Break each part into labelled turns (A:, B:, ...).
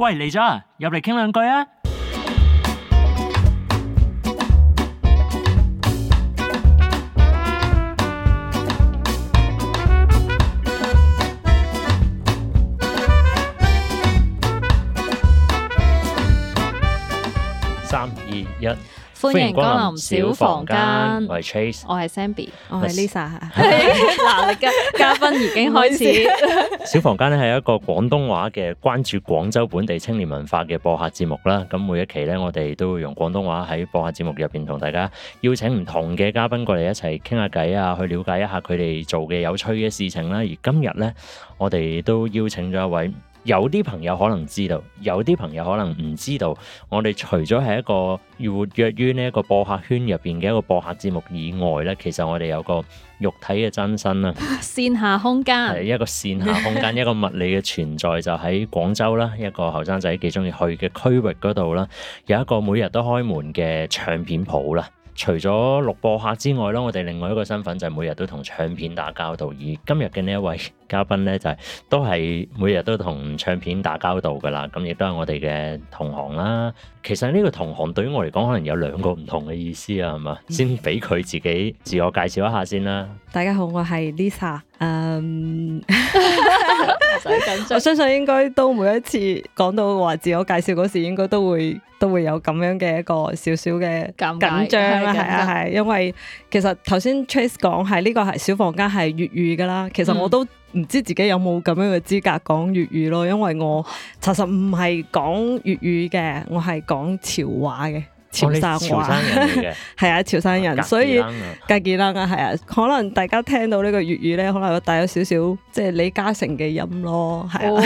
A: 喂，嚟咗啊，入嚟傾兩句啊！三、二、一。歡迎光臨小房間，房間，我係 Trace，我
B: 係 Zenbi，我係 Lisa。 嗱，嘉嘉賓已經開始。
A: 小房間咧，係一個廣東話嘅關注廣州本地青年文化嘅播客節目啦。咁每一期咧，我哋都會用廣東話喺播客節目入邊同大家邀請唔同嘅嘉賓過嚟一齊傾下偈啊，去了解一下佢哋做嘅有趣嘅事情啦。而今日咧，我哋都邀請咗一位。有啲朋友可能知道，有啲朋友可能唔知道，我哋除咗係一個活躍於呢一個播客圈入邊嘅一個播客節目以外呢，其實我哋有個肉體嘅真身啦，
B: 線下空間，係
A: 一個線下空間， 一個物理嘅存在，就喺廣州啦，一個後生仔幾中意去嘅區域嗰度啦，有一個每日都開門嘅唱片鋪啦。除咗錄播客之外，我哋另外一個身份就係每日都同唱片打交道。而今日嘅呢位嘉賓呢，就係都係每日都同唱片打交道㗎喇。咁亦都係我哋嘅同行啦、啊。其實呢個同行對於我嚟講，可能有兩個唔同嘅意思啊，係嘛？先俾佢自己自我介紹一下先啦。
C: 大家好，我係 Lisa。嗯，um, 我相信應該都每一次講到話自我介紹嗰時，應該都會都會有咁樣嘅一個小小嘅緊張啦，係啊係。因為其實頭先 Trace 講係呢個係小房間係粵語噶啦，其實我都唔知自己有冇咁樣嘅資格講粵語咯，因為我其實唔係講粵語嘅，我係講潮話嘅。潮汕話，係啊，潮汕人，所以家己楞啊，係啊，可能大家聽到呢個粵語咧，可能會帶有少少即係李嘉誠嘅音
B: 咯，係啊，唔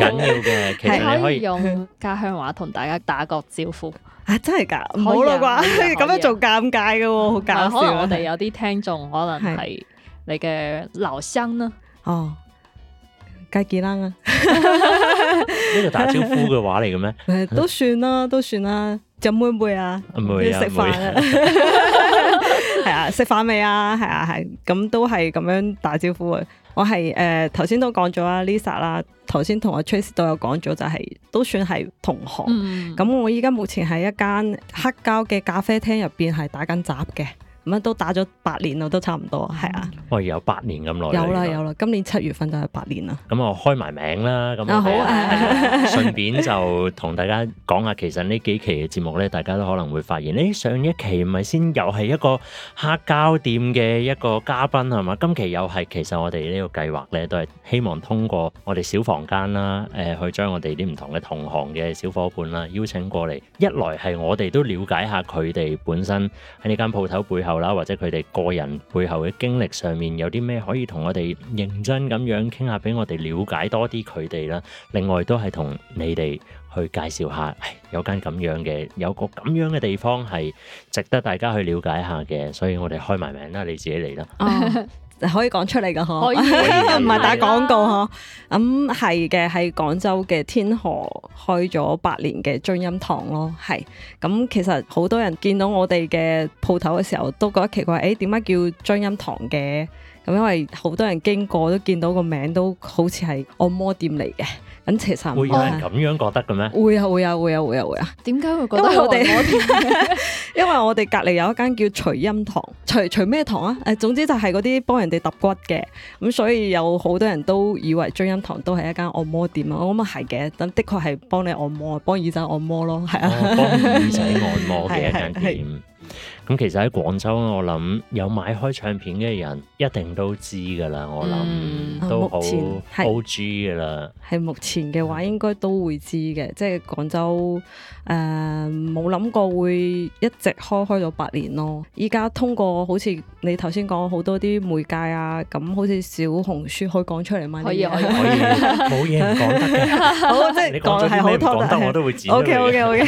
B: 緊要
A: 嘅，其實可以用
B: 家鄉話同大家打個招呼，啊，真係㗎，好啦啩，咁樣做尷尬嘅喎，好搞笑，可能我哋有啲聽眾可能係你嘅留聲啦，
C: 哦，家己楞啊，呢
A: 個打招呼嘅話嚟嘅咩？
B: 誒，都算啦，
C: 都算啦。做妹，妹啊，妹呀要食飯啊？食飯啊？係啊，食飯未啊？係啊，係咁都係咁樣打招呼啊！我係誒頭先都講咗啊 Lisa 啦，頭先同阿 Trace 都有講咗，就係都算係同行。咁、嗯、我而家目前喺一間黑膠嘅咖啡廳入邊係打緊閘嘅。咁都打咗八年咯，都差唔多，係啊。
A: 喂、哎，有八年咁耐。有啦，有
C: 啦，今年七月份就係八年啦。
A: 咁、嗯、我開埋名啦。咁、嗯啊、好，順、嗯、 便就同大家講下，其實呢幾期嘅節目咧，大家都可能會發現，誒，上一期唔係先又係一個黑膠店嘅一個嘉賓係嘛，今期又係，其實我哋呢個計劃咧，都係希望通過我哋小房間啦，誒、呃，去將我哋啲唔同嘅同行嘅小夥伴啦邀請過嚟，一來係我哋都了解下佢哋本身喺呢間鋪頭背後。啦，或者佢哋個人背後嘅經歷上面有啲咩可以同我哋認真咁樣傾下，俾我哋了解多啲佢哋啦。另外都係同你哋去介紹下，有間咁樣嘅，有，有個咁樣嘅地方係值得大家去了解下嘅。所以我哋開埋名啦，你自己嚟啦。
C: 可以講出嚟嘅嗬，唔係以 打廣告嗬，咁係嘅，喺廣州嘅天河開咗八年嘅臻音堂咯，係。咁、嗯、其實好多人見到我哋嘅鋪頭嘅時候，都覺得奇怪，誒，點解叫臻音堂嘅？咁、嗯、因為好多人經過都見到個名都好似係按摩店嚟嘅。咁會有
A: 人咁樣覺得嘅咩、啊？
C: 會啊會啊會啊會啊會啊！
B: 點解會覺、啊、得？因為我哋，
C: 因為我哋隔離有一間叫臻音堂，臻臻咩堂啊？誒，總之就係嗰啲幫人哋揼骨嘅，咁所以有好多人都以為臻音堂都係一間按摩店啊！我諗啊係嘅，咁的確係幫你按摩，幫耳仔按摩咯，係啊、哦，幫耳仔按摩
A: 嘅一間店、 啊。咁其實喺廣州，我諗有買開唱片嘅人一定都知噶啦，我諗都好 OG 噶啦。係目
C: 前嘅話應該都會知嘅。即係廣州誒冇諗過會一直開開咗八年咯。依家通過好似你頭先講好多啲媒介啊，咁好似小紅書可以講出嚟嘛？可以可以可以，冇嘢唔講得嘅。好即係講係好拖，但我都會知 OK OK OK。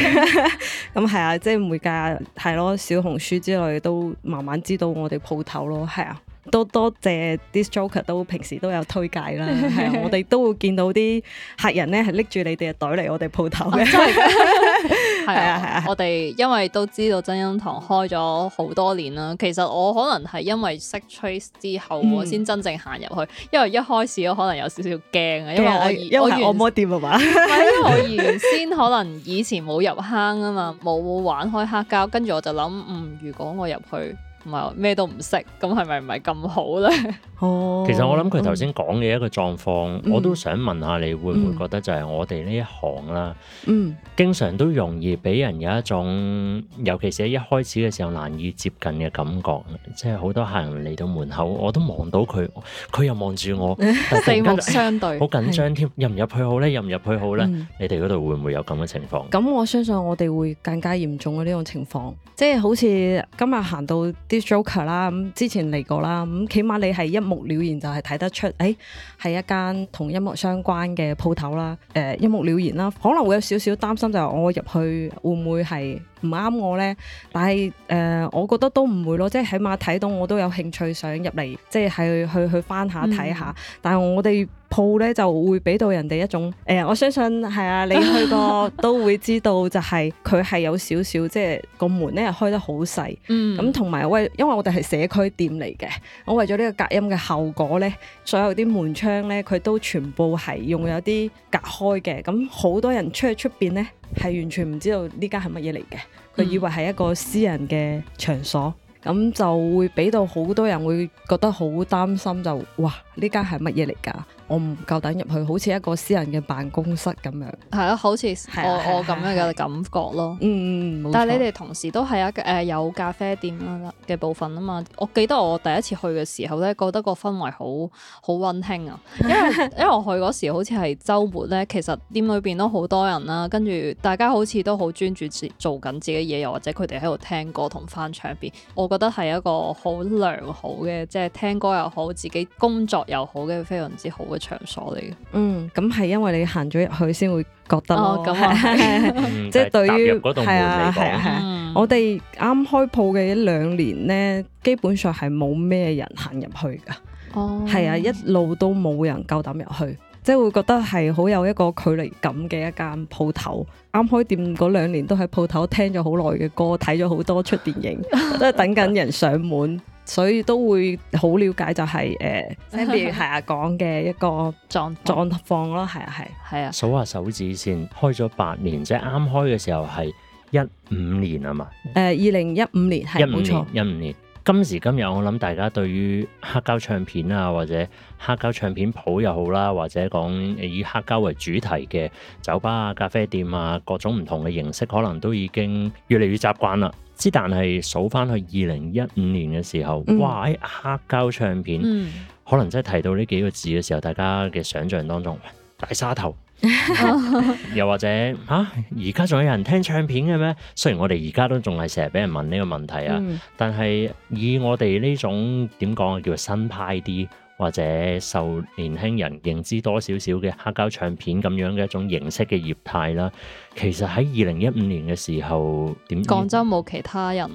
C: 咁係啊，即係媒介啊，係咯，小紅書。之類都慢慢知道我哋鋪頭咯，係啊。都多謝啲 Joker，都平時都有推介啦，係 啊，我哋都會見到啲客人咧係拎住你哋嘅袋嚟我哋鋪頭嘅，係啊
B: 係啊，我哋因為都知道臻音堂開咗好多年啦，其實我可能係因為識 Trace 之後我先真正行入去，因為一開始我可能有少少驚啊，因為我以因為我按摩店係嘛， 因為我原先可能以前冇入坑啊嘛，冇玩開，開黑膠，跟住我就諗，嗯，嗯，如果我入去。唔係，咩都唔識，咁係咪唔係咁好咧？哦，
A: 其實我諗佢頭先講嘅一個狀況，嗯、我都想問下你，會唔會覺得就係我哋呢一行啦，嗯，經常都容易俾人有一種，尤其是一開始嘅時候難以接近嘅感覺，即係好多客人嚟到門口，我都望到佢，佢又望住我，四、嗯、目相對，好緊張添的，入唔入去好咧，入唔入去好咧，你哋嗰度會唔會有咁嘅情況？
C: 咁我相信我哋會更加嚴重嘅呢種情況，即係好似今日行到啲。Joker 啦，咁之前嚟過啦，咁起碼你係一目了然就係睇得出，誒、哎、係一間同音樂相關嘅鋪頭啦，誒、呃、一目了然啦，可能會有少少擔心就係我入去會唔會係唔啱我咧，但係誒、呃、我覺得都唔會咯，即係起碼睇到我都有興趣想入嚟，即係係去去，去翻下睇下，嗯、但係我哋。鋪咧就會俾到人哋一種誒、呃，我相信係啊，你去過 都會知道、就係，就係佢係有少少即係個門咧開得好細。嗯，咁同埋我因為我哋係社區店嚟嘅，我為咗呢個隔音嘅效果咧，所有啲門窗咧佢都全部係用有啲隔開嘅。咁好多人出去出邊咧，係完全唔知道呢間係乜嘢嚟嘅，佢以為係一個私人嘅場所，咁、嗯嗯、就會俾到好多人會覺得好擔心就哇！呢間係乜嘢嚟㗎？我唔夠膽入去，好似一個私人嘅辦公室咁樣。
B: 係咯、啊，好似我、啊啊、我咁樣嘅感覺咯。嗯。但係你哋同時都係一個、呃、有咖啡店嘅部分啊嘛。我記得我第一次去嘅時候咧，覺得個氛圍好好溫馨啊。因為因為我去嗰時好似係週末咧，其實店裏邊都好多人啦、啊。跟住大家好似都好專注做緊自己嘢，又或者佢哋喺度聽歌同翻唱片。我覺得係一個好良好嘅，即、就、係、是、聽歌又好，自己工作，又好嘅非常之好嘅場所嚟嘅，
C: 嗯，咁係因為你行咗入去先會覺得咯，咁啊、哦，即係對於係啊係啊，係啊、 嗯。我哋啱開鋪嘅一兩年咧，基本上係冇咩人行入去噶，哦，
B: 係啊，一
C: 路都冇人夠膽入去，即係會覺得係好有一個距離感嘅一間鋪頭。啱開店嗰兩年都喺鋪頭聽咗好耐嘅歌，睇咗好多出電影，都係等緊人上門，所以都會好了解就係、是、誒、呃、係啊講嘅一個狀狀況咯，係啊係，係
A: 啊。數下手指先，開咗八年，即係啱開嘅時候係一五年啊嘛。
C: 誒、呃，二零一五年係冇錯，
A: 一五年。今時今日，我諗大家對於黑膠唱片啊，或者黑膠唱片舖又好啦，或者講以黑膠為主題嘅酒吧啊、咖啡店啊，各種唔同嘅形式，可能都已經越嚟越習慣啦。之但係數翻去二零一五年嘅時候，嗯、哇！喺黑膠唱片，嗯、可能真係提到呢幾個字嘅時候，大家嘅想象當中，大沙頭。 又或者嚇，而家仲有人聽唱片嘅咩？雖然我哋而家都仲係成日俾人問呢個問題啊，嗯、但係以我哋呢種點講啊，叫做新派啲，或者受年輕人認知多少少嘅黑膠唱片咁樣嘅一種形式嘅業態啦，其實喺二零一五年嘅時候，點？廣州
B: 冇其他人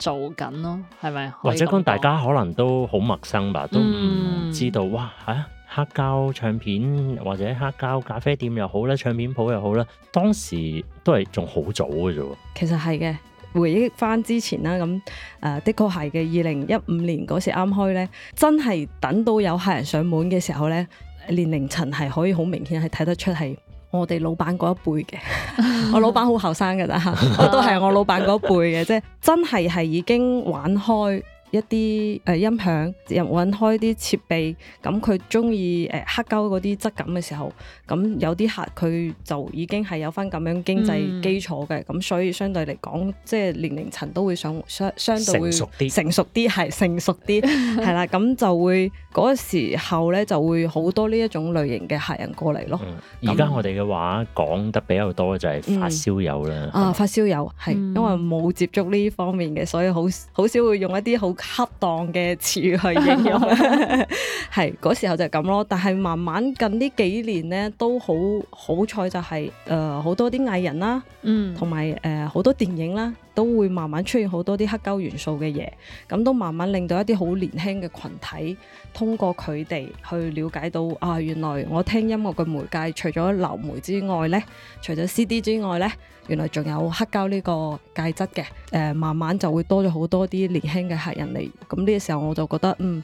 B: 做緊咯，係咪？或者講大
A: 家可能都好陌生吧，都唔知道、嗯、哇嚇。啊黑膠唱片或者黑膠咖啡店又好啦，唱片鋪又好啦，當時都係仲好早嘅啫喎。
C: 其實係嘅，回憶翻之前啦，咁誒的確係嘅。二零一五年嗰時啱開咧，真係等到有客人上門嘅時候咧，年齡層係可以好明顯係睇得出係我哋老闆嗰一輩嘅。 我老闆好後生嘅啦嚇，我都係我老闆嗰一輩嘅，即係真係係已經玩開。一啲誒、呃、音響入揾開啲設備，咁佢中意誒黑膠嗰啲質感嘅時候，咁有啲客佢就已經係有翻咁樣經濟基礎嘅，咁、嗯、所以相對嚟講即係年齡層都會想相相對會熟啲，成熟啲係成熟啲，係啦， 咁就會嗰時候咧就會好多呢一種類型嘅客人過嚟咯。
A: 而家，嗯、我哋嘅話講那得比較多就係發燒友啦。嗯、吧啊，
C: 發燒友係因為冇接觸呢方面嘅，所以好好少會用一啲好。恰當嘅詞語去形容， 係嗰時候就咁咯。但係慢慢近呢幾年咧，都好好彩就係、是，誒、呃、好多啲藝人啦，嗯，同埋誒好多電影啦。都會慢慢出現好多啲黑膠元素嘅嘢，咁都慢慢令到一啲好年輕嘅群體通過佢哋去了解到啊，原來我聽音樂嘅媒介除咗流媒之外呢，除咗 CD 之外呢，原來仲有黑膠呢個介質嘅，誒、呃，慢慢就會多咗好多啲年輕嘅客人嚟，咁呢個時候我就覺得嗯。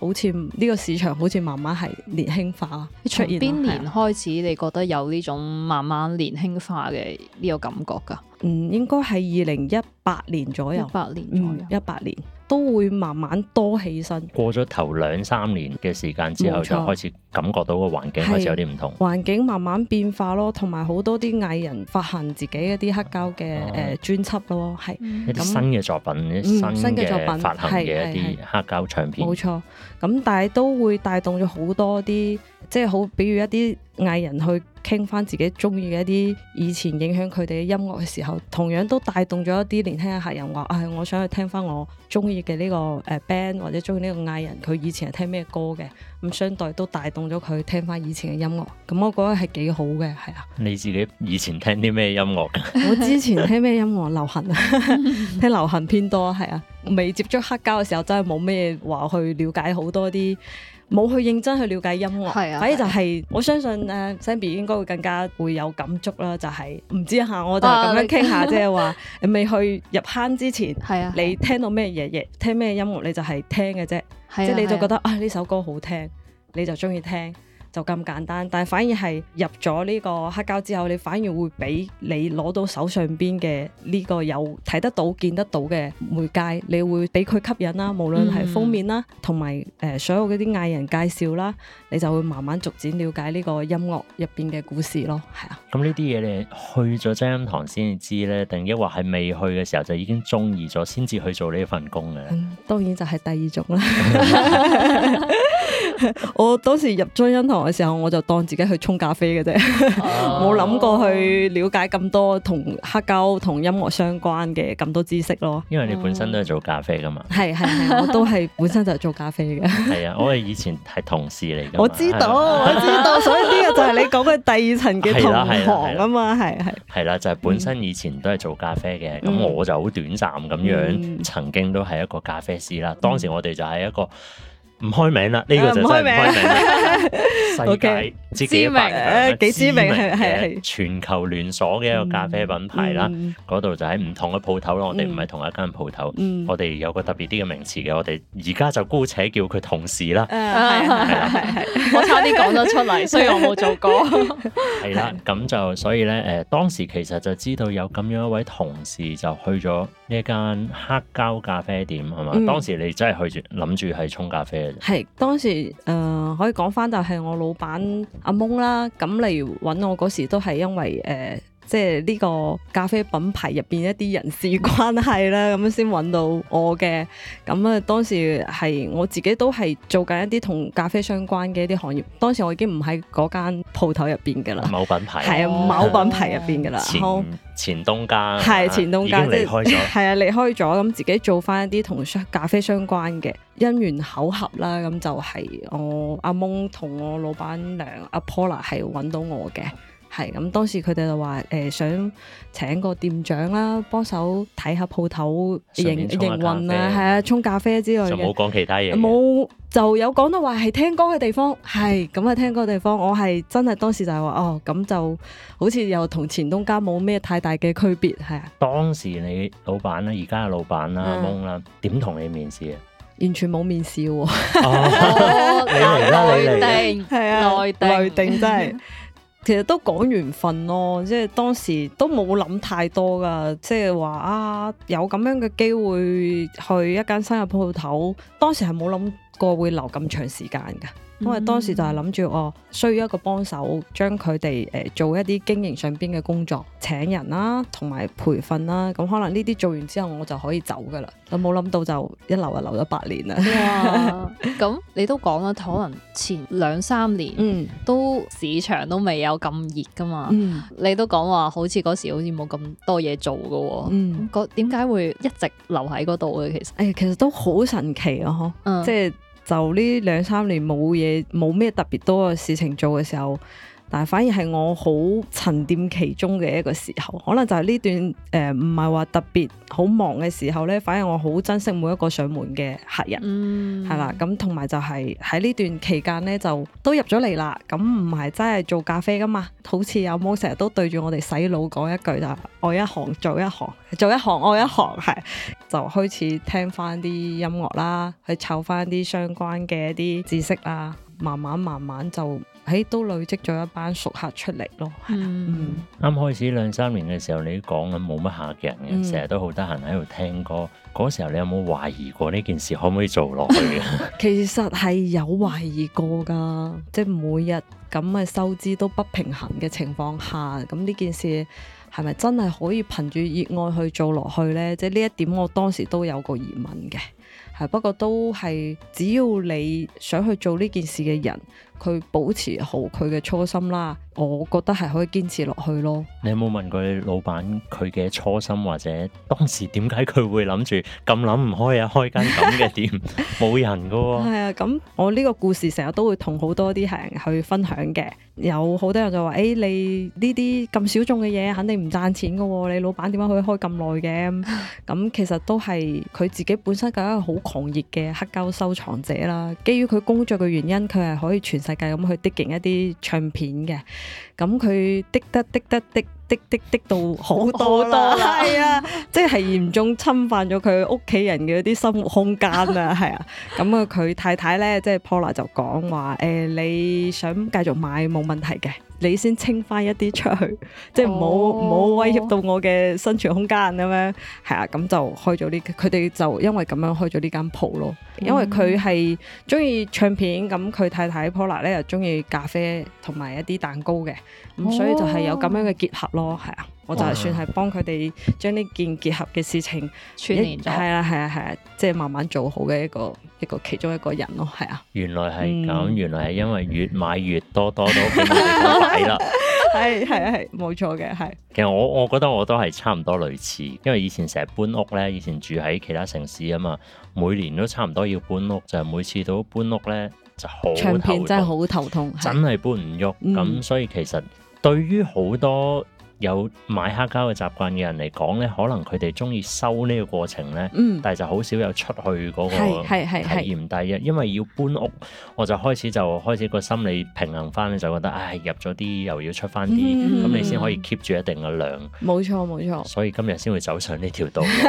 C: 好似呢、呢個市場好似慢慢係年輕化出現，邊年
B: 開始、啊、你覺得有呢種慢慢年輕化嘅呢個感覺㗎？嗯，
C: 應該係二零一八年左右，一八年左右，一八、嗯、年。都會慢慢多起身。
A: 過咗頭兩三年嘅時間之後，錯就開始感覺到個環境開始有啲唔同。
C: 環境慢慢變化咯，同埋好多啲藝人發行自己一啲黑膠嘅誒專輯咯，係。嗯、是新
A: 嘅作品，新嘅、嗯、作品，發行嘅一啲黑膠唱片。冇錯，
C: 咁但係都會帶動咗好多啲。即係好，比如一啲藝人去傾翻自己中意嘅一啲以前影響佢哋嘅音樂嘅時候，同樣都帶動咗一啲年輕嘅客人話，唉、啊，我想去聽翻我中意嘅呢個誒 band 或者中意呢個藝人，佢以前係聽咩歌嘅？咁相對都帶動咗佢聽翻以前嘅音樂。咁我覺得係幾好嘅，係啊。
A: 你自己以前聽啲咩音樂？ 我之前
C: 聽咩音樂？流行， 聽流行偏多，係啊。未接觸黑膠嘅時候，真係冇咩話去了解好多啲。冇去認真去了解音樂，啊、反正就係、係啊、我相信誒 Sammy 應該會更加會有感觸啦。就係、係、唔知吓，我就咁樣傾下，即係話、啊、你未去入坑之前，啊、你聽到咩嘢嘢，聽咩音樂你就係聽嘅啫，即係、啊、你就覺得啊呢、啊、首歌好聽，你就中意聽，就咁簡單，但係反而係入咗呢個黑膠之後，你反而會俾你攞到手上邊嘅呢個有睇得到、見得到嘅媒介，你會俾佢吸引啦。無論係封面啦，同埋誒所有嗰啲藝人介紹啦，你就會慢慢逐漸了解呢個音樂入邊嘅故事咯。係
A: 啊，咁呢啲嘢你去咗臻音堂先至知咧，定抑或係未去嘅時候就已經中意咗，先至去做呢份工嘅？
C: 當然就係第二種啦。 我當時入臻音堂嘅時候，我就當自己去沖咖啡嘅啫，冇諗、oh. 過去了解咁多同黑膠同音樂相關嘅咁多知識咯。
A: 因為你本身都係做咖啡噶嘛，
C: 係係， 我都係本身就係做咖啡嘅。
A: 係啊， 我哋以前係同事嚟嘅。 我知道，我
B: 知道， 所以呢個就
C: 係你講嘅第二層嘅同行啊嘛，係係 。
A: 係啦、嗯，就係、是、本身以前都係做咖啡嘅，咁、嗯、我就好短暫咁樣，曾經都係一個咖啡師啦。當時我哋就係一,一個。唔開名啦，呢個就真係唔開名啦，世界知名，幾知名係全球連鎖嘅一個咖啡品牌啦。嗰度就喺唔同嘅鋪頭咯，我哋唔係同一間鋪頭。我哋有個特別啲嘅名詞嘅，我哋而家就姑且叫佢同事啦。
B: 係係，我差啲講得出嚟，所以我冇做過。
A: 係啦，咁就所以咧，誒當時其實就知道有咁樣一位同事就去咗呢間黑膠咖啡店係嘛？當時你真係去住諗住係沖咖啡。
C: 係當時誒、呃，可以講返就係我老闆阿蒙啦，咁嚟搵我嗰時都係因為誒。呃即係呢個咖啡品牌入邊一啲人事關係啦，咁樣先揾到我嘅。咁啊，當時係我自己都係做緊一啲同咖啡相關嘅一啲行業。當時我已經唔喺嗰間
A: 鋪頭入邊嘅啦，某品牌係啊，某品牌入邊嘅啦。前，前東家，係前東家就係，已經離開咗，係
C: 啊，離開咗。咁自己做翻一啲同咖啡相關嘅，姻緣巧合啦，咁就係我阿蒙同我老闆娘阿 Paula 係揾到我嘅。係咁，當時佢哋就話誒想請個店長啦，幫手睇下鋪頭營營運啊，係啊，沖咖啡之類。就冇
A: 講其他嘢。
C: 冇就有講到話係聽歌嘅地方，係咁啊，聽歌嘅地方。我係真係當時就係話哦，咁就好似又同前東家冇咩太大嘅區別，係
A: 啊。當時你老闆咧，而家嘅老闆啦，懵啦，點同你面試啊？
C: 完全冇面試
A: 喎。
C: 你嚟啦，你嚟。係啊，內定，內定真係。其實都講緣分咯，即係當時都冇諗太多噶，即係話啊，有咁樣嘅機會去一間新嘅鋪頭，當時係冇諗過會留咁長時間噶。因為當時就係諗住我需要一個幫手，將佢哋誒做一啲經營上邊嘅工作，請人啦、啊，同埋培訓啦、啊。咁可能呢啲做完之後，我就可以走噶啦。我冇諗到就一留就留咗八年啦。哇！
B: 咁 你都講啦，可能前兩三年、嗯、都市場都未有咁熱噶嘛。你都講話好似嗰時好似冇咁多嘢做噶喎。嗯，個點解會一直留喺嗰度嘅其實？誒、哎，
C: 其實都好神奇啊！嗯、即係。就呢兩三年冇嘢，冇咩特別多嘅事情做嘅時候，但係反而係我好沉澱其中嘅一個時候，可能就係呢段，誒，唔係話特別好忙嘅時候咧，反而我好珍惜每一個上門嘅客人，係啦、嗯，咁同埋就係喺呢段期間咧，就都入咗嚟啦。咁唔係真係做咖啡噶嘛，好似有冇成日都對住我哋洗腦講一句，就係愛一行做一行，做一行愛一行係，就開始聽翻啲音樂啦，去湊翻啲相關嘅一啲知識啦，慢慢慢慢就。喺都累積咗一班熟客出嚟咯，係啊、嗯。
A: 啱、嗯、開始兩三年嘅時候，你講緊冇乜客嘅人成日、嗯、都好得閒喺度聽歌。嗰時候你有冇懷疑過呢件事可唔可以做落去啊？
C: 其實係有懷疑過噶，即係每日咁嘅收支都不平衡嘅情況下，咁呢件事係咪真係可以憑住熱愛去做落去咧？即係呢一點，我當時都有個疑問嘅，係不過都係只要你想去做呢件事嘅人。佢保持好佢嘅初心啦。我覺得係可以堅持落去咯。
A: 你有冇問過你老闆佢嘅初心，或者當時點解佢會諗住咁諗唔開啊？開間咁嘅店冇 人嘅喎。係
C: 啊，咁、 啊、我呢個故事成日都會同好多啲客人去分享嘅。有好多人就話，誒、哎，你呢啲咁小眾嘅嘢，肯定唔賺錢嘅喎、啊。你老闆點解可以開咁耐嘅？咁、嗯、其實都係佢自己本身係一個好狂熱嘅黑膠收藏者啦。基於佢工作嘅原因，佢係可以全世界咁去 digging 一啲唱片嘅。咁佢滴得滴得滴，滴滴滴滴到好多多。係啊， 即係嚴重侵犯咗佢屋企人嘅啲生活空間 啊，係啊，咁啊佢太太咧即係 Paula 就講話誒，你想繼續買冇問題嘅。你先清返一啲出去，即係唔好唔好威脅到我嘅生存空間咁樣，係啊，咁就開咗呢，佢哋就因為咁樣開咗呢間鋪咯，因為佢係鍾意唱片，咁佢太太 Pola 咧又鍾意咖啡同埋一啲蛋糕嘅，咁所以就係有咁樣嘅結合咯，係啊。我就算係幫佢哋將呢件結合嘅事情串聯咗，係啊係啊係啊，啊，即係慢慢做好嘅一個一個其中一個人咯，係啊。
A: 啊原來係咁，嗯、原來係因為越買越多，多到俾人買啦，
C: 係係係冇錯嘅，係。
A: 其實我我覺得我都係差唔多類似，因為以前成日搬屋咧，以前住喺其他城市啊嘛，每年都差唔多要搬屋，就係，每次到搬屋咧就好，唱片真係好頭痛，真係搬唔喐。咁、嗯、所以其實對於好多有買黑膠嘅習慣嘅人嚟講呢可能佢哋鍾意收呢個過程呢，嗯、但係就好少有出去嗰個體驗。第一，因為要搬屋，我就開始就開始個心理平衡返，你就覺得唉入咗啲又要出返啲，咁、嗯、你先可以 keep 住一定嘅量。冇錯冇錯，錯所以今日先會走上呢條道。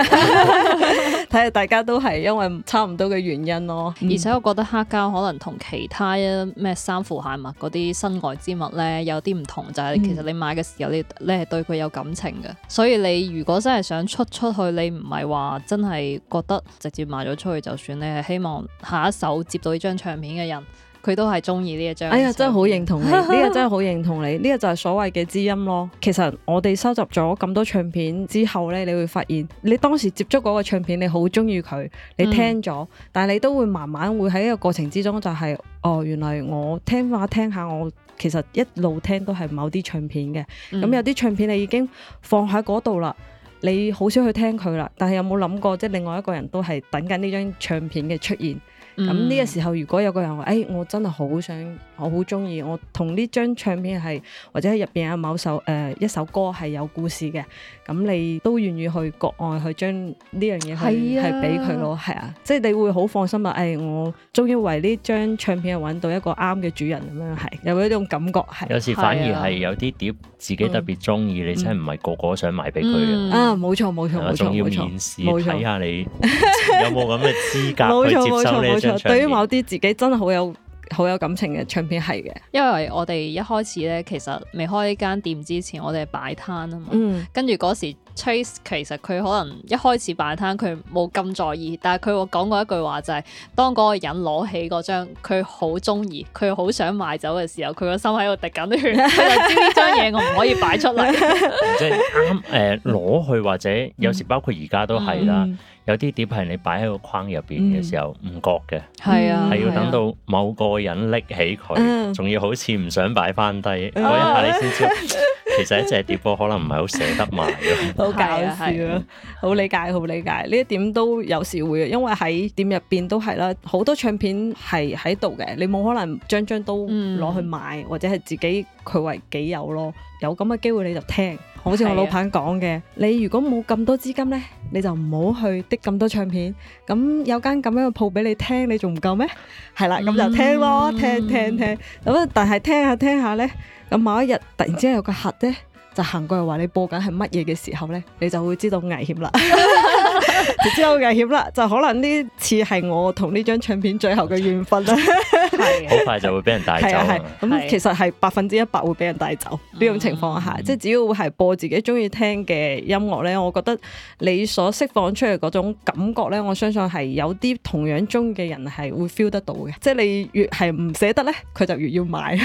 B: 睇下大家都係因為差唔多嘅原因咯，而且我覺得黑膠可能同其他一咩衫褲鞋襪嗰啲身外之物咧有啲唔同，就係、是、其實你買嘅時候你你係對佢有感情嘅。所以你如果真係想出出去，你唔係話真係覺得直接賣咗出去就算，你係希望下一手接到呢張唱片嘅人。佢都係中意呢一張。哎呀，真係好
C: 認同你，呢 個真係好認同你。呢、這個就係
B: 所謂嘅知音咯。
C: 其實我哋收集咗咁多唱片之後呢，你會發現你當時接觸嗰個唱片，你好中意佢，你聽咗，嗯、但係你都會慢慢會喺呢個過程之中、就是，就係哦，原來我聽下聽下，我其實一路聽都係某啲唱片嘅。咁有啲唱片你已經放喺嗰度啦，你好少去聽佢啦。但係有冇諗過，即係另外一個人都係等緊呢張唱片嘅出現？咁呢、嗯、個時候，如果有個人話，誒、哎，我真係好想，我好中意，我同呢張唱片係，或者入邊有某首誒、呃、一首歌係有故事嘅，咁你都願意去國外去將呢樣嘢係係俾佢咯，係啊，即係、啊就是、你會好放心啊！誒、哎，我終於為呢張唱片揾到一個啱嘅主人咁樣，係有冇一種感覺係。有時反而係
A: 有啲碟自己特別中意，嗯、你真係唔係個個想賣俾佢嘅。嗯嗯、啊，
C: 冇錯冇錯冇錯冇錯，仲要面試睇下
A: 你有冇咁嘅資格去接收你。對於
C: 某啲自己真係好有好有感情嘅唱片係嘅，
B: 因為我哋一開始咧，其實未開呢間店之前，我哋係擺攤啊嘛。跟住嗰時，Trace 其實佢可能一開始擺攤，佢冇咁在意。但係佢我講過一句話，就是，就係當嗰個人攞起嗰張，佢好中意，佢好想買走嘅時候，佢個心喺度滴緊血。佢就知呢張嘢，我唔可以擺出嚟，
A: 即係啱誒，攞去或者有時包括而家都係啦。 有啲碟係你擺喺個框入面嘅時候唔、嗯、覺嘅，係啊、嗯，係要等到某個人拎起佢，仲、啊啊、要好似唔想擺返低，嗯、嗰一刻你先知道。 其實一隻碟哥可能唔係好捨得買咯，
C: 好搞笑咯，啊啊、好理解，好理解呢一點都有時會，因為喺店入邊都係啦，好多唱片係喺度嘅，你冇可能張張都攞去買，或者係自己佢為己有咯。有咁嘅機會你就聽，好似我老闆講嘅，啊、你如果冇咁多資金呢，你就唔好去滴咁多唱片。咁有間咁樣嘅鋪俾你聽，你仲唔夠咩？係啦、啊，咁就聽咯，聽聽聽。咁但係聽下、啊、聽下、啊、呢。咁某一日，突然之間有個客呢，就行過嚟話你播緊係乜嘢嘅時候呢，你就會知道危險啦。 之後 危險啦，就可能呢次係我同呢張唱片最後嘅緣分啦
A: 是。係，好快就會俾人帶走
C: 係咁是其實係百分之一百會俾人帶走呢種情況下，嗯、即係只要係播自己中意聽嘅音樂咧，我覺得你所釋放出嚟嗰種感覺咧，我相信係有啲同樣中意嘅人係會 feel 得到嘅。即係你越係唔捨得咧，佢就越要買。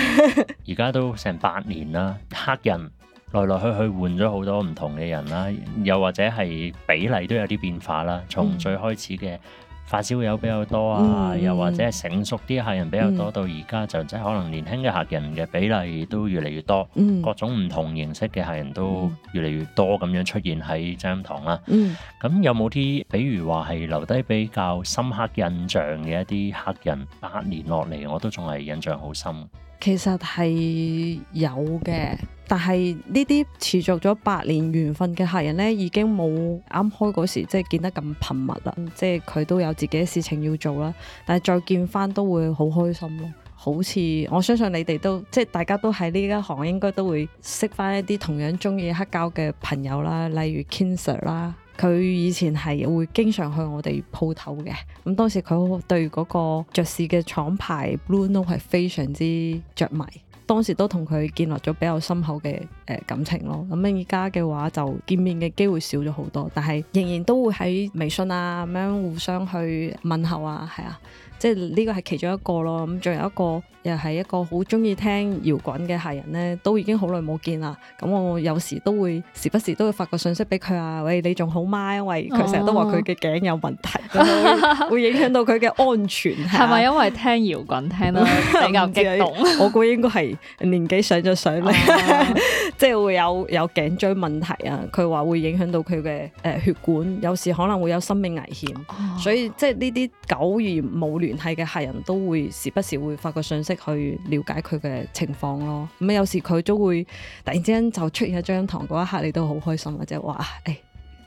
A: 而 家都成八年啦，黑人。來來去去換咗好多唔同嘅人啦，又或者係比例都有啲變化啦。從最開始嘅發燒友比較多啊，又或者係成熟啲客人比較多，到而家就即係可能年輕嘅客人嘅比例都越嚟越多。各種唔同形式嘅客人都越嚟越多咁樣出現喺臻音堂啦。咁有冇啲，比如話係留低比較深刻印象嘅一啲客人？八年落嚟，我都仲係印象好深。
C: 其實係有嘅，但係呢啲持續咗八年緣分嘅客人呢，已經冇啱開嗰時，即係見得咁頻密啦。即係佢都有自己嘅事情要做啦，但係再見翻都會好開心咯。好似我相信你哋都，即係大家都喺呢一行，應該都會識翻一啲同樣中意黑膠嘅朋友啦，例如 Kinsler 啦。佢以前係會經常去我哋鋪頭嘅，咁當時佢對嗰個爵士嘅廠牌 Blue Note 係非常之着迷，當時都同佢建立咗比較深厚嘅誒感情咯。咁樣而家嘅話就見面嘅機會少咗好多，但係仍然都會喺微信啊咁樣互相去問候啊，係啊。即係呢個係其中一個咯，咁仲有一個又係一個好中意聽搖滾嘅客人咧，都已經好耐冇見啦。咁我有時都會時不時都會發個信息俾佢啊，喂，你仲好嗎？因為佢成日都話佢嘅頸有問題，哦、會影響到佢嘅安全。係咪 因為聽搖滾聽得比較激動？ 我估應該係年紀上咗上嚟，哦、 即係會有有頸椎問題啊。佢話會影響到佢嘅誒血管，有時可能會有生命危險。哦、所以即係呢啲久而冇聯。係嘅客人都會時不時會發個信息去了解佢嘅情況咯。咁啊有時佢都會突然之間就出現喺張堂嗰一刻，你都好開心或、啊、者話！誒、哎，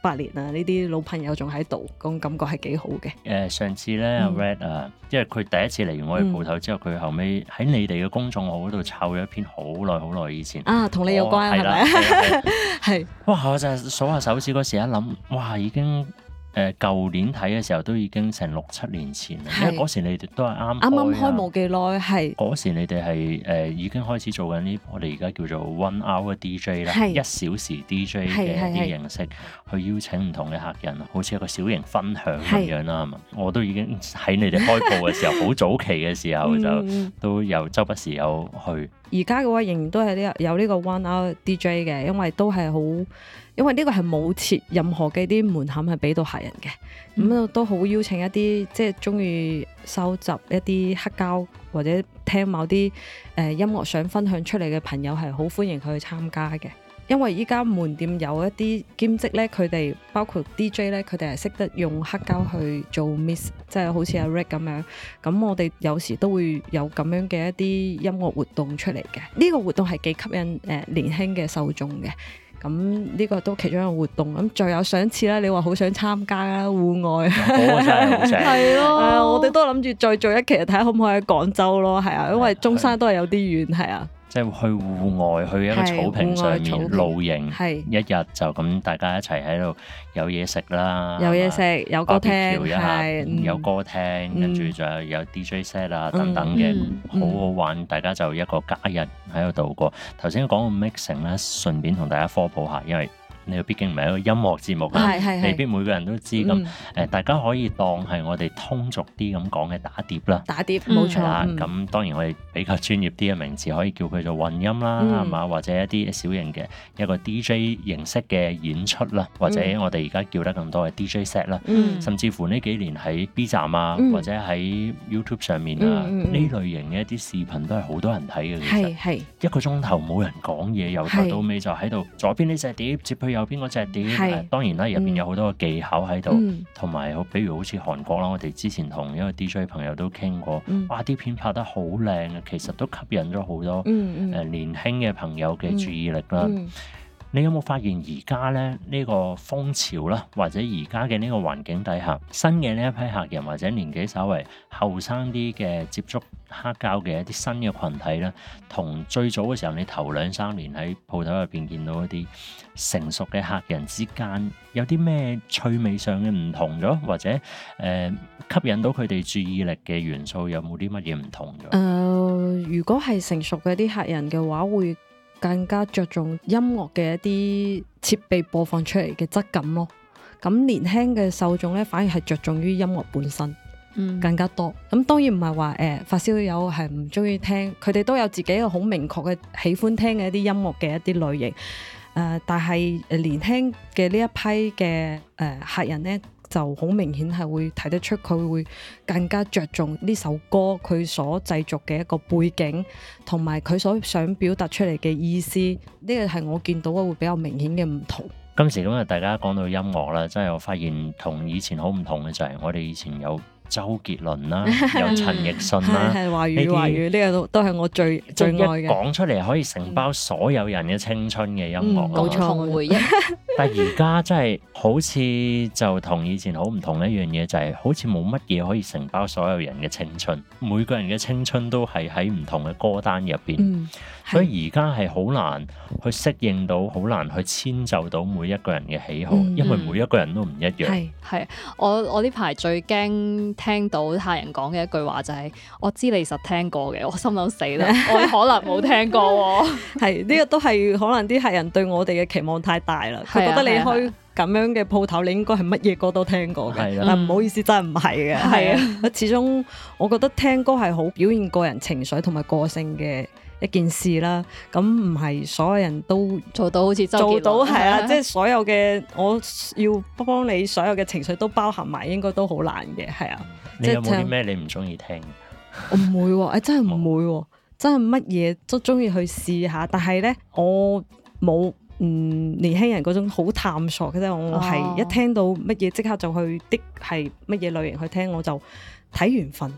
C: 八年啊，呢啲老朋友仲喺度，咁感覺係幾好嘅。
A: 誒、呃，上次咧、嗯、Red 啊，因為佢第一次嚟我哋鋪頭之後，佢、嗯、後尾喺你哋嘅公眾號度抄咗一篇好耐好耐以前。啊，同你有關係咪？係。是哇！我就數下手指嗰時一諗，哇，已經。誒舊、呃、年睇嘅時候都已經成六七年前啦，是因為嗰時你哋都係啱啱開冇
C: 幾耐，係
A: 嗰時你哋係誒已經開始做緊呢啲我哋而家叫做 one hour DJ 啦，是一小時 DJ 嘅形式去邀請唔同嘅客人，好似一個小型分享咁是樣啦，係嘛是？我都已經喺你哋開播嘅時候，好 早期嘅時候、嗯、就都有周不時有去。
C: 而家嘅話，仍然都係呢有呢個 one hour DJ 嘅，因為都係好。因為呢個係冇設任何嘅啲門檻係俾到客人嘅，咁都好邀請一啲即係中意收集一啲黑膠或者聽某啲誒、呃、音樂想分享出嚟嘅朋友係好歡迎佢去參加嘅。因為依家門店有一啲兼職咧，佢哋包括 DJ 咧，佢哋係識得用黑膠去做 mix 即係好似阿 Rick 咁樣。咁我哋有時都會有咁樣嘅一啲音樂活動出嚟嘅。呢、這個活動係幾吸引誒、呃、年輕嘅受眾嘅。咁呢個都其中一個活動，咁再有上次咧，你話好想參加戶外，係咯，我哋都諗住再做一期睇下可唔可以喺廣州咯，係啊，因為中山都係有啲遠，係啊。
A: 即係去戶外，去一個草坪上面露營，係一日就咁，大家一齊喺度有嘢食啦，有嘢
C: 食，有歌聽，係有
A: 歌聽，跟住仲有有 DJ set 啊等等嘅，好好玩，大家就一個假日喺度度過。頭先講個 mixing 咧，順便同大家科普下，因為你畢竟唔係一個音樂節目㗎，係係未必每個人都知咁。誒，大家可以當係我哋通俗啲咁講嘅打碟啦，打
C: 碟冇錯啦。咁
A: 當然我哋比較專業啲嘅名字可以叫佢做混音啦，係嘛？或者一啲小型嘅一個 DJ 形式嘅演出啦，或者我哋而家叫得更多嘅 DJ set 啦。甚至乎呢幾年喺 B 站啊，或者喺 YouTube 上面啊，呢類型嘅一啲視頻都係好多人睇嘅。其實係一個鐘頭冇人講嘢，由頭到尾就喺度左邊呢隻碟接佢右邊嗰隻碟，是當然啦，入邊有好多嘅技巧喺度，同埋好，比如好似韓國啦，我哋之前同一個 DJ 朋友都傾過，嗯、哇，啲片拍得好靚嘅，其實都吸引咗好多誒、嗯嗯呃、年輕嘅朋友嘅注意力啦。嗯嗯你有冇發現而家咧呢個風潮啦，或者而家嘅呢個環境底下，新嘅呢一批客人或者年紀稍為後生啲嘅接觸黑膠嘅一啲新嘅群體咧，同最早嘅時候你頭兩三年喺鋪頭入邊見到一啲成熟嘅客人之間，有啲咩趣味上嘅唔同咗，或者誒、呃、吸引到佢哋注意力嘅元素有冇啲乜嘢唔同
C: 咗？誒、呃，如果係成熟嘅啲客人嘅話，會更加着重音樂嘅一啲設備播放出嚟嘅質感咯，咁年輕嘅受眾咧，反而係着重於音樂本身，嗯，更加多。咁當然唔係話誒發燒友係唔中意聽，佢哋都有自己一個好明確嘅喜歡聽嘅一啲音樂嘅一啲類型，誒、呃，但係誒年輕嘅呢一批嘅誒、呃、客人咧，就好明顯係會睇得出佢會更加着重呢首歌佢所製作嘅一個背景，同埋佢所想表達出嚟嘅意思，呢個係我見到嘅會比較明顯嘅唔同。
A: 今時今日大家講到音樂啦，真係我發現同以前好唔同嘅就係我哋以前有，周杰倫啦，有陳奕迅啦，呢啲呢
C: 啲都都係我最最愛嘅。講
A: 出嚟可以承包所有人嘅青春嘅音樂，冇錯，
B: 回憶。
A: 但而家真係好似就同以前好唔同一樣嘢，就係、是、好似冇乜嘢可以承包所有人嘅青春。每個人嘅青春都係喺唔同嘅歌單入邊。嗯是所以而家係好難去適應到，好難去遷就到每一個人嘅喜好，嗯、因為每一個人都唔一樣。係
B: 係我我呢排最驚聽到客人講嘅一句話就係、是，我知你實聽過嘅，我心諗死啦，我可能冇聽過。
C: 係呢個都係可能啲客人對我哋嘅期望太大啦。佢、啊啊、覺得你開咁樣嘅鋪頭，啊啊、你應該係乜嘢歌都聽過嘅。嗱、啊，唔好意思，真係唔係嘅。係啊，始終我覺得聽歌係好表現個人情緒同埋個性嘅。一件事啦，咁唔係所有人都做到，做到好似周杰倫，係啊，即係 所有嘅我要幫你所有嘅情緒都包含埋，應該都好難嘅，係啊。
A: 你有冇啲咩你唔中意聽？
C: 我唔會、啊，誒真係唔會，真係乜嘢都中意去試下。但係咧，我冇嗯年輕人嗰種好探索嘅啫。就是、我係一聽到乜嘢即刻就去啲係乜嘢類型去聽，我就睇緣分。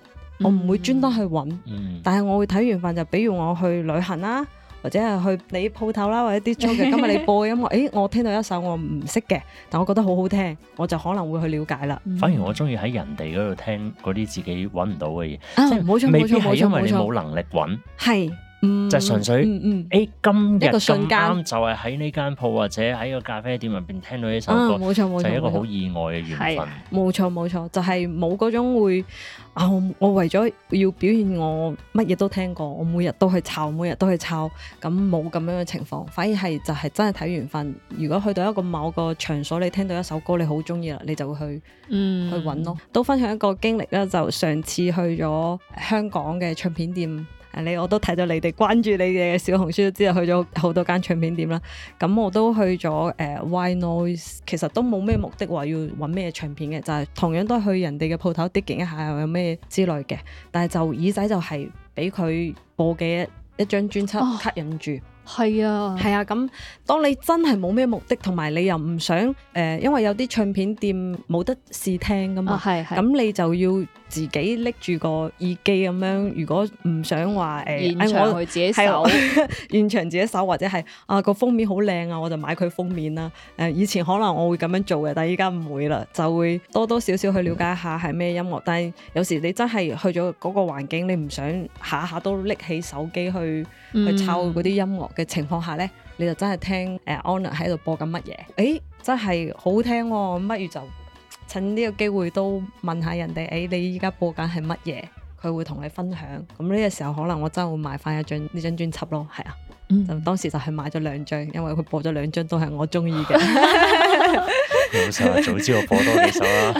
C: 我唔會專登去揾，嗯、但係我會睇完份就，比如我去旅行啦，或者係去你鋪頭啦，或者啲裝嘅。今日你播嘅音樂，誒， 我聽到一首我唔識嘅,但我覺得好好聽，我就可能會去了解啦。反而我
A: 中意喺人哋嗰度聽嗰啲自己揾唔到嘅
C: 嘢，哦、即係是冇錯冇錯，係因為你冇能力揾。係。
A: 嗯、就純
C: 粹，誒、哎、今日咁啱
A: 就係喺呢間鋪或者喺個咖啡店入邊聽到呢首歌，啊、冇錯冇錯就係一個好意外嘅緣
C: 分。冇錯冇錯，就係冇嗰種會啊、哦！我為咗要表現我乜嘢都聽過，我每日都去抄，每日都去抄，咁冇咁樣嘅情況，反而係就係真係睇緣分。如果去到一個某個場所，你聽到一首歌，你好中意啦，你就會去、
A: 嗯、去揾咯。
C: 都分享一個經歷啦，就上次去咗香港嘅唱片店。誒你我都睇到你哋關注你嘅小紅書，之後去咗好多間唱片店啦。咁我都去咗、呃、Why Noise，其實都冇咩目的話，要揾咩唱片嘅，就係、是、同樣都去人哋嘅鋪頭 digging 一下，又有咩之類嘅。但係就耳仔就係俾佢播嘅一,一張專輯吸引住。係、哦、啊，係啊。咁當你真係冇咩目的，同埋你又唔想誒、呃，因為有啲唱片店冇得試聽噶嘛。係係、哦。咁你就要。自己拎住個耳機咁樣，如果唔想話自己係 現場自己搜，或者係啊個封面好靚啊，我就買佢封面啦。誒、呃，以前可能我會咁樣做嘅，但係依家唔會啦，就會多多少少去了解一下係咩音樂。但係有時你真係去咗嗰個環境，你唔想下下都拎起手機去、
A: 嗯、去抄
C: 嗰啲音樂嘅情況下咧，你就真係聽、呃、Honor 喺度播緊乜嘢？誒，真係好聽喎、哦！乜嘢就？趁呢個機會都問下人哋，誒、哎、你依家播緊係乜嘢？佢會同你分享。咁呢個時候可能我真係會買翻一張呢張專輯咯，係啊。嗯、就當時就係買咗兩張，因為佢播咗兩張都係我中意嘅。冇
B: 錯， 早知我播多幾首
A: 啦。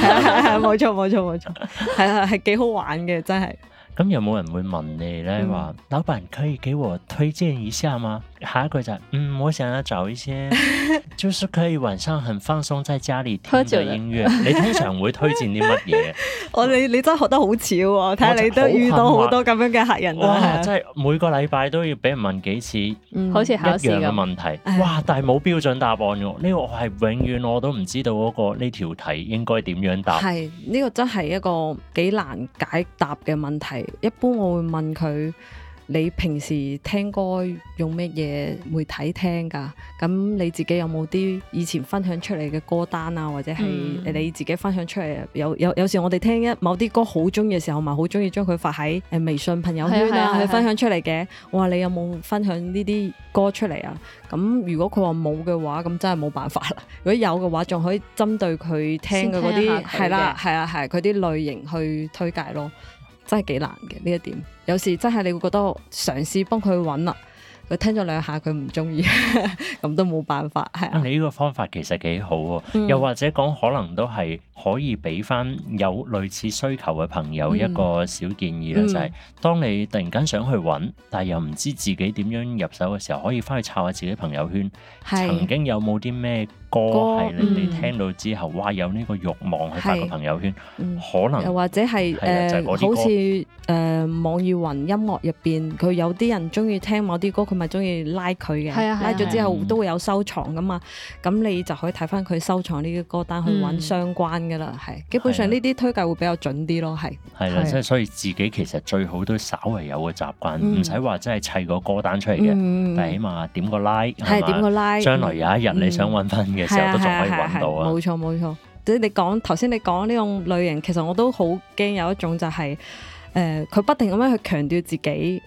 A: 冇
C: 啊、錯，冇錯，冇錯，係 啊，係幾好玩嘅，真
A: 係。咁、嗯、有冇人會問你咧？話老闆可以給我推薦一下嗎？下一句就係、是、嗯，我想要找一些， 就是可以晚上很放鬆，在家裏聽嘅音樂。著 你通常會推薦啲乜嘢？
C: 我你你真係學得好似啊！睇下你都遇到好多咁樣嘅客人。哇！真係
A: 每個禮拜都要俾人問幾次，好似、嗯、一樣嘅問題。嗯哎、哇！但係冇標準答案嘅，呢、這個我係永遠我都唔知道嗰、那個呢條、這個、題應該點樣答。係、
C: 這、呢個真係一個幾難解答嘅問，問題。一般我會問佢，你平時聽歌用咩嘢媒體聽噶？咁你自己有冇啲以前分享出嚟嘅歌單啊？或者係你自己分享出嚟？有有有時我哋聽一某啲歌好中意嘅時候，咪好中意將佢發喺誒微信朋友圈啊去分享出嚟嘅。我話，你有冇分享呢啲歌出嚟啊？咁如果佢話冇嘅話，咁真係冇辦法啦。如果有嘅話，仲可以針對佢聽嘅嗰啲係啦，係啊係，佢啲、啊啊啊、類型去推介咯。真係幾難嘅呢一點，有時真係你會覺得嘗試幫佢揾啦，佢聽咗兩下佢唔中
A: 意，咁 都冇辦法係。你呢個方法其實幾好喎，嗯、又或者講可能都係可以俾翻有類似需求嘅朋友一個小建議啦，嗯、就係當你突然間想去揾，但係又唔知自己點樣入手嘅時候，可以翻去抄下自己朋友圈是曾經有冇啲咩。歌係你哋聽到之後，哇，有呢個慾望去發個朋友圈，可能又或
C: 者係誒，好似誒網易雲音樂入邊，佢有啲人中意聽某啲歌，佢咪中意拉佢嘅，拉咗之後都會有收藏噶嘛。咁你就可以睇翻佢收藏呢啲歌單去揾相關噶啦，係基本上呢啲推介會比較準啲咯，係。
A: 係啦，即係所以自己其實最好都稍為有個習慣，唔使話真係砌個歌單出嚟嘅，但起碼點個 like，係點個 like，將來有一日你想揾翻係啊係啊係啊係啊，冇錯冇錯。
C: 即係你講頭先，你講呢種類型，其實我都好驚有一種就係、是，誒、呃，佢不停咁樣去強調自己，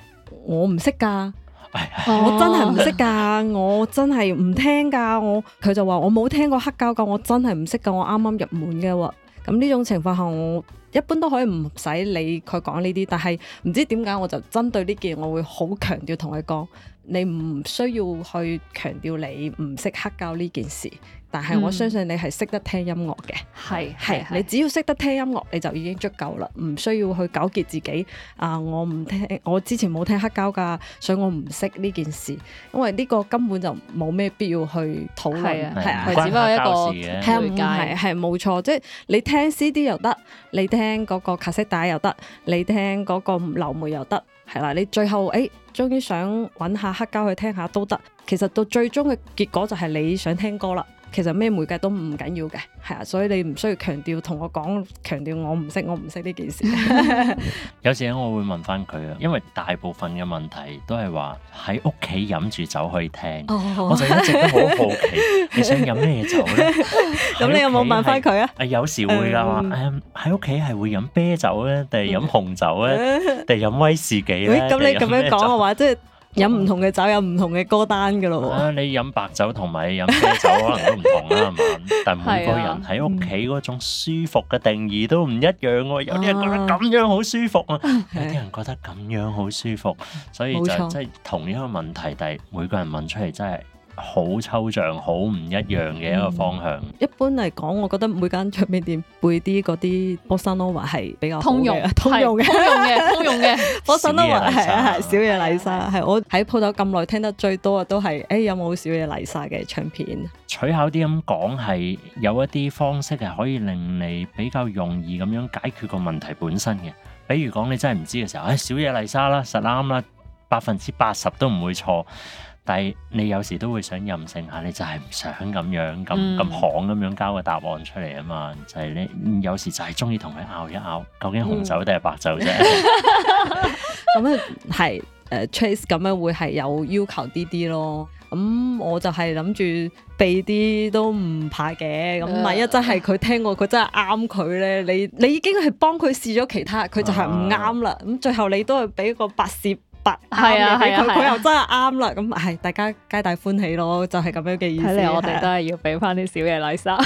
C: 我唔識噶，我真係唔識噶，我真係唔聽噶，我佢就話我冇聽過黑膠噶，我真係唔識噶，我啱啱入門嘅喎。咁、嗯、呢種情況下，我一般都可以唔使理佢講呢啲，但係唔知點解，我就針對呢件我會好強調同佢講。你唔需要去強調你唔識黑膠呢件事，但係我相信你係識得聽音樂嘅，係係你只要識得聽音樂你就已經足夠啦，唔需要去糾結自己啊，我唔聽，我之前冇聽黑膠㗎，所以我唔識呢件事，因為呢個根本就冇咩必要去討論，係啊，只不過一個媒介，係冇錯，即係你聽 CD 又得，你聽嗰個卡式帶又得，你聽嗰個流媒又得。係啦，你最後誒、哎，終於想揾下黑膠去聽下都得。其實到最終嘅結果就係你想聽歌啦。其實咩媒介都唔緊要嘅，係啊，所以你唔需要強調同我講，強調我唔識，我唔識呢件事。
A: 有時我會問翻佢啊，因為大部分嘅問題都係話喺屋企飲住酒去聽，oh, 我就一直都好好奇， 你想飲咩
B: 酒咧？咁你有冇問
A: 翻佢啊？有時會㗎話，喺屋企係會飲啤酒咧，定係飲紅酒咧，定係飲、um, 威士忌咧？咁你咁樣講嘅
C: 話，即係、啊。飲唔、嗯、同嘅酒有唔同嘅歌單噶咯，啊！
A: 你飲白酒同埋飲啤酒可能都唔同啦，係嘛？ 但係每個人喺屋企嗰種舒服嘅定義都唔一樣，有啲人覺得咁樣好舒服，啊、有啲人覺得咁樣好舒，的舒服，所以就錯即係同一個問題，但係每個人問出嚟真係。好抽象、好唔一樣嘅一個方向。嗯、
C: 一般嚟講，我覺得每間唱片店背啲嗰啲波薩諾瓦係比較通用、通用嘅、 通用嘅、通
B: 用嘅。
C: 波薩諾瓦係啊，小野麗莎係我喺鋪頭咁耐，聽得最多嘅都係，誒、哎、有冇小野麗莎嘅唱片？
A: 取巧啲咁講係有一啲方式係可以令你比較容易咁樣解決個問題本身嘅。比如講，你真係唔知嘅時候，誒、哎、小野麗莎啦，實啱啦，百分之八十都唔會錯。但係你有時都會想任性下，你就係唔想咁樣咁咁行咁樣交個答案出嚟啊嘛，就係、是、你有時就係中意同佢拗一拗，究竟紅酒定係白酒啫？
C: 咁樣係誒，Trace 咁樣會係有要求啲啲咯。咁、嗯、我就係諗住備啲都唔怕嘅。咁、嗯、萬一真係佢聽過，佢真係啱佢咧，你你已經係幫佢試咗其他，佢就係唔啱啦。咁、嗯、最後你都係俾個白蝕。
B: 百啊，嘅俾佢，啊啊、又真
C: 係啱啦。咁係大家皆大歡喜咯，就係、是、咁樣嘅意思。我哋都係要俾翻啲小嘢禮生。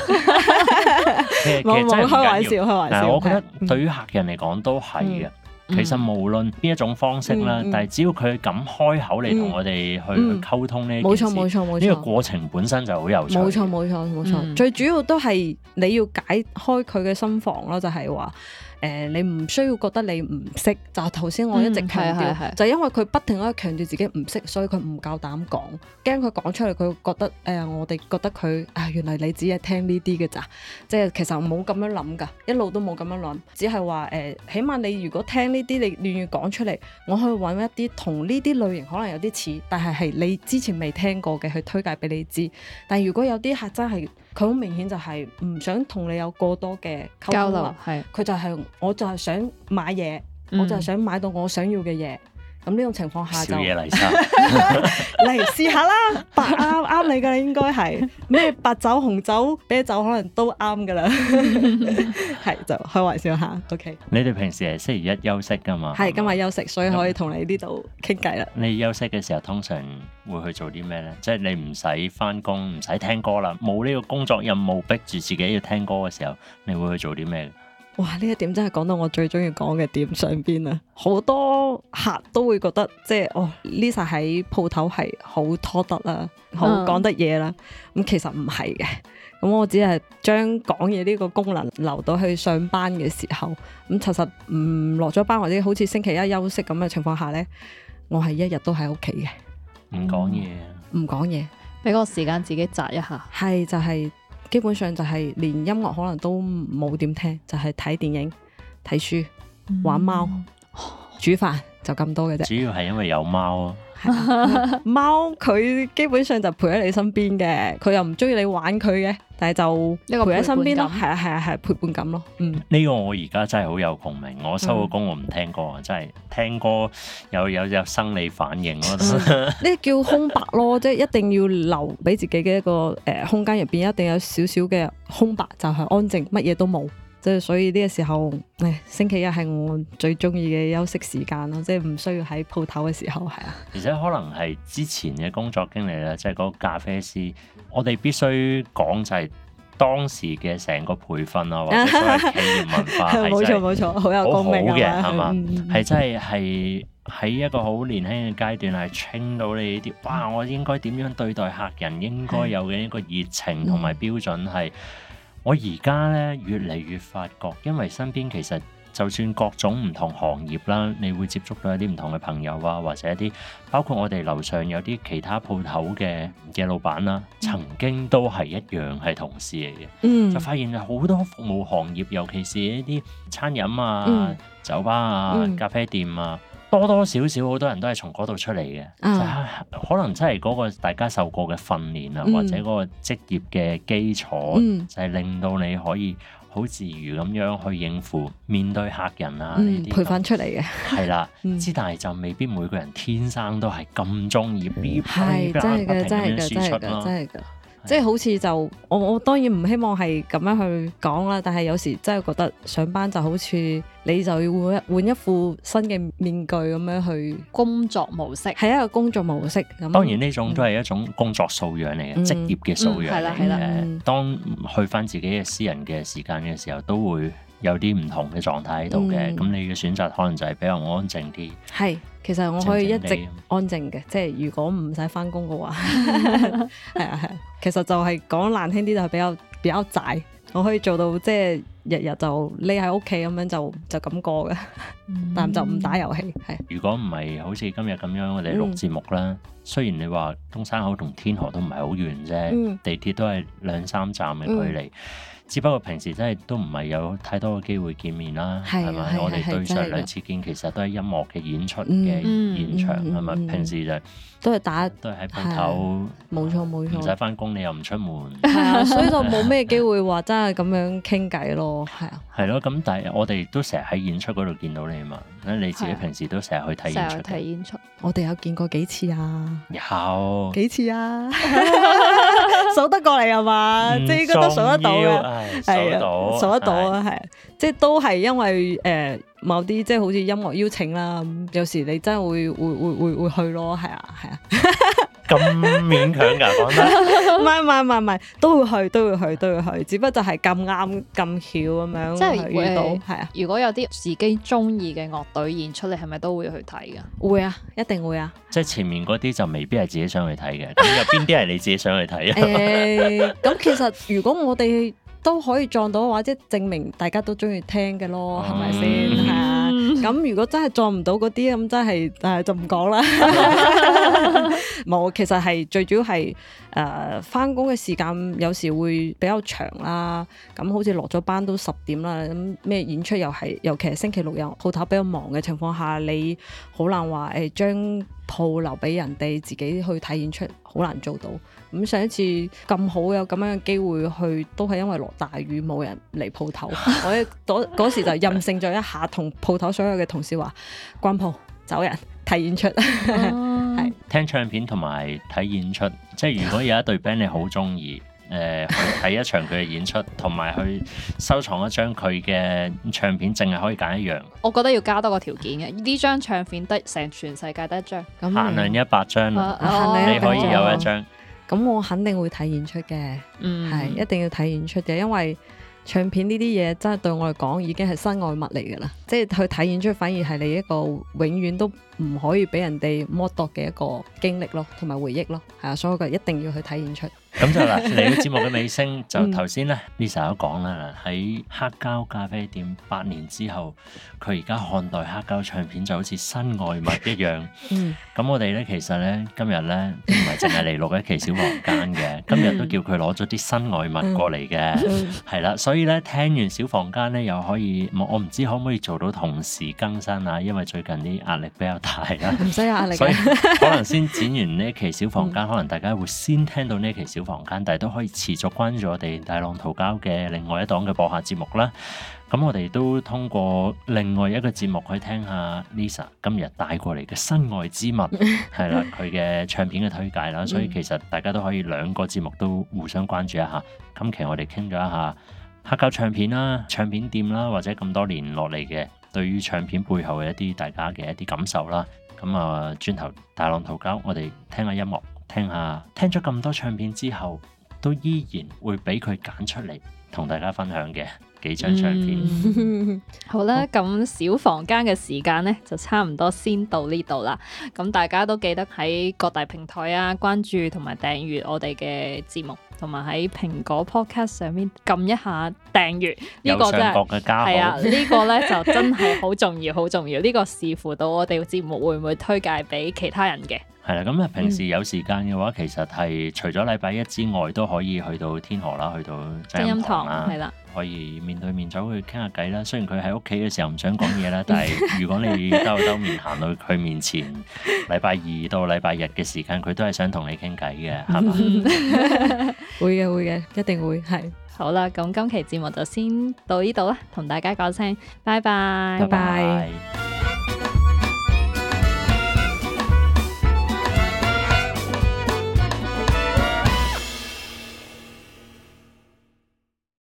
C: 冇冇是、啊、 開玩笑，開玩笑。但係我覺得
A: 對於客人嚟講都係嘅。嗯、其實無論邊一種方式啦，嗯、但係只要佢敢開口嚟同我哋去溝通咧，冇錯冇錯冇錯。呢、嗯、個過程本身就好有趣。冇錯
C: 冇錯冇錯。錯錯最主要都係你要解開佢嘅心防咯，就係、是、話。誒、呃，你唔需要覺得你唔識，就係頭先我一直強調，嗯、是是是就因為佢不停咁樣強調自己唔識，所以佢唔夠膽講，驚佢講出嚟佢覺得誒、呃，我哋覺得佢啊、呃，原來你只係聽呢啲嘅咋，即係其實冇咁樣諗㗎，一路都冇咁樣諗，只係話誒，起碼你如果聽呢啲，你亂亂講出嚟，我去揾一啲同呢啲類型可能有啲似，但係係你之前未聽過嘅去推介俾你知，但係如果有啲客真係。佢好明顯就係唔想同你有過多嘅溝通啦，交流、佢就係、係，我就係想買嘢，嗯、我就係想買到我想要嘅嘢。咁呢種情況下就少嘢嚟生，嚟 試 下啦， 白啱啱你嘅應該係咩白酒、紅酒、啤酒可能都啱噶啦，係 就開玩笑下。OK，
A: 你哋平時係星期一休息噶嘛？係
C: 吧今日休息，所以可以同你呢度傾偈啦。
A: 你休息嘅時候通常會去做啲咩咧？即係你唔使翻工，唔使聽歌啦，冇呢個工作任務逼住自己要聽歌嘅時候，你會去做啲咩？
C: 哇！呢一點真係講到我最中意講嘅點上邊啊。好多客都會覺得即係哦，Lisa 喺鋪頭係好拖得啦，好講得嘢啦。咁其實唔係嘅，咁、嗯、我只係將講嘢呢個功能留到去上班嘅時候。咁、嗯、其實唔落咗班或者好似星期一休息咁嘅情況下咧，我係一日都喺屋企嘅，
A: 唔講嘢，
C: 唔講嘢，俾個時間自己宅一下，係就係、是。基本上就係連音樂可能都冇點聽，就係、是、睇電影、睇書、玩貓、煮飯就咁多嘅啫。
A: 主要係因為有貓。
C: 貓佢、 啊嗯、基本上就陪喺你身邊嘅，佢又唔中意你玩佢嘅，但係就陪喺身邊咯。係啊係啊係、啊，陪伴感咯。嗯，
A: 呢個我而家真係好有共鳴。我收個工我唔聽歌啊，嗯、真係聽歌有有有生理反應咯、嗯。
C: 呢 叫空白咯，即係一定要留俾自己嘅一個誒空間入邊，一定有少少嘅空白，就係安靜，乜嘢都冇。即係所以呢個時候，誒、哎，星期一係我最中意嘅休息時間咯，即係唔需要喺鋪頭嘅時候係啊。
A: 而且可能係之前嘅工作經歷咧，即係嗰個咖啡師，我哋必須講就係當時嘅成個培訓啊，或者企業文化，冇錯冇錯，
B: 錯有功名好有共鳴啊嘛，係、嗯、真係
A: 係喺一個好年輕嘅階段係 train 到你呢啲，哇！我應該點樣對待客人，應該有嘅一個熱情同埋標準係。嗯我而家咧越嚟越發覺，因為身邊其實就算各種唔同行業啦，你會接觸到一啲唔同嘅朋友啊，或者一啲包括我哋樓上有啲其他鋪頭嘅嘅老闆啦，曾經都係一樣係同事嚟嘅，嗯、就發現好多服務行業，尤其是一啲餐飲啊、嗯、酒吧啊、嗯、咖啡店啊。多多少少好多人都係從嗰度出嚟嘅、啊，就係，可能真係嗰個大家受過嘅訓練啊，嗯、或者嗰個職業嘅基礎，嗯、就係令到你可以好自如咁樣去應付面對客人啊。培訓、嗯、些
C: 出嚟嘅，係
A: 啦了，之、 嗯、但係就未必每個人天生都係咁中意面，係是真噶，真噶，真噶，真噶。
C: 即係好似就我我當然唔希望係咁樣去講啦，但係有時真係覺得上班就好似你就要換一換一副新嘅面具咁樣去工作模式，係一個工作模式咁。當然
A: 呢種都係一種工作素養嚟嘅，職、嗯、業嘅素養嚟嘅。嗯嗯嗯、當去返自己嘅私人嘅時間嘅時候，都會，有啲唔同嘅狀態喺度嘅，咁、嗯、你嘅選擇可能就係比較安靜啲。
C: 係，其實我可以一直安靜嘅，靜靜啲。即係如果唔使翻工嘅話，係啊係啊。其實就係講難聽啲就係比較比較宅，我可以做到即係、就是、日日就匿喺屋企咁樣就就咁過嘅， 但就唔打遊戲係。
A: 嗯、的如果唔係好似今日咁樣，我哋錄節目啦。嗯、雖然你話東山口同天河都唔係好遠啫，地鐵都係兩三站嘅距離。嗯只不過平時真係都唔係有太多嘅機會見面啦，係咪？我哋對上兩次見的其實都係音樂嘅演出嘅現場，係咪、嗯嗯嗯嗯？平時就係。都係打，都係喺鋪頭。冇錯冇錯，唔使翻工，你又唔出門， 所以就冇咩
C: 機會話真係咁樣傾偈咯，係
A: 啊。係咯，咁但係我哋都成日喺演出嗰度見到你嘛，你自己平時都成日去睇演，演出。睇
C: 演出，我哋有見過幾次啊？
A: 有幾次啊？
C: 數 得過嚟啊嘛，即係應該都數得到嘅，係啊，數得到啊，係，即係都係因為誒。呃某啲即係好似音樂邀請啦，有時你真係會會會會會去咯，係啊係啊，
A: 咁、啊、 勉強㗎講真，
C: 唔係唔係唔係，都會去都會去都會去，只不過就係咁啱
B: 咁巧咁樣即係遇到係啊！如果有啲自己中意嘅樂隊演出，你係咪都會去睇㗎？會啊，一定會啊！
A: 即係前面嗰啲就未必係自己想去睇嘅， 有邊啲係你自己想去睇啊？誒
C: 咁、欸、 其實如果我哋，都可以撞到嘅話，即係證明大家都中意聽嘅咯，係咪先？係啊，咁如果真係撞唔到嗰啲，咁真係誒就唔講啦。冇，其實係最主要係誒返工嘅時間有時會比較長啦。咁好似落咗班都十點啦，咁咩演出又係，尤其係星期六又鋪頭比較忙嘅情況下，你好難話誒將鋪留俾人哋自己去睇演出，好難做到。咁上一次咁好有咁樣嘅機會去，都係因為落大雨冇人嚟鋪頭。 我嗰嗰時就任性咗一下，同鋪頭所有嘅同事話關鋪走人睇演出。係
A: 聽唱片同埋睇演出，即係如果有一隊 band 你好鍾意，誒去睇一場佢嘅演出，同埋去收藏一張佢嘅唱片，淨係可以揀一樣。
B: 我覺得要加多個條件嘅，呢張唱片得成全世界得一張，限量一
A: 百張，百張、啊、你可以有一張。
C: 咁我肯定會睇演出嘅，係、嗯、一定要睇演出嘅，因為唱片呢啲嘢真係對我嚟講已經係身外物嚟噶啦，即、就、係、是、去睇演出，反而係你一個永遠都唔可以俾人哋剝奪嘅一個經歷咯，同埋回憶咯，係啊，所以嘅一定要去睇演出。咁、 嗯、就啦，嚟到節目嘅
A: 尾聲就頭先咧，Lisa 都講啦，喺黑膠咖啡店八年之後，佢而家看待黑膠唱片就好似新外物一樣。咁、嗯嗯嗯、我哋咧其實咧今日咧唔係淨係嚟錄一期小房間嘅，嗯、今日都叫佢攞咗啲新外物過嚟嘅，係啦、嗯。所以咧聽完小房間咧又可以，嗯、我唔知可唔可以做到同時更新啊？因為最近啲壓力比較大啦。唔使壓力嘅。所以 可能先剪完呢一期小房間，可能大家會先聽到呢一期小房間。房間，但都可以持續關注我哋大浪淘膠嘅另外一檔嘅播客節目啦。咁我哋都通過另外一個節目去聽下 Lisa 今日帶過嚟嘅身外之物，係啦，佢嘅唱片嘅推介啦。所以其實大家都可以兩個節目都互相關注一下。今期我哋傾咗一下黑膠唱片啦，唱片店啦，或者咁多年落嚟嘅對於唱片背後嘅一啲大家嘅一啲感受啦。咁啊，轉頭大浪淘膠，我哋聽下音樂。聽下，聽咗咁多唱片之後，都依然會俾佢揀出嚟同大家分享嘅幾張唱片。
B: 好啦，咁小房間嘅時間咧就差唔多先到呢度啦。咁大家都記得喺各大平台啊，關注同埋訂閱我哋嘅節目。同埋喺蘋果 Podcast 上面撳一下訂閱，呢、這個真係係啊！呢 個咧就真係好重要，好重要。呢、這個視乎到我哋節目會唔會推介俾其他人嘅。
A: 係啦，咁啊平時有時間嘅話，嗯、其實係除咗禮拜一之外，都可以去到天河啦，去到臻音堂啦，係啦，可以面對面走去傾下偈啦。雖然佢喺屋企嘅時候唔想講嘢啦， 但係如果你兜兜面行 到佢面前，禮拜二到禮拜日嘅時間，佢都係想同你傾偈嘅，係嘛、嗯？
B: 會嘅會嘅，一定會係。好啦，咁今期節目就先到呢度啦，同大家講聲，拜拜，拜拜。拜
A: 拜。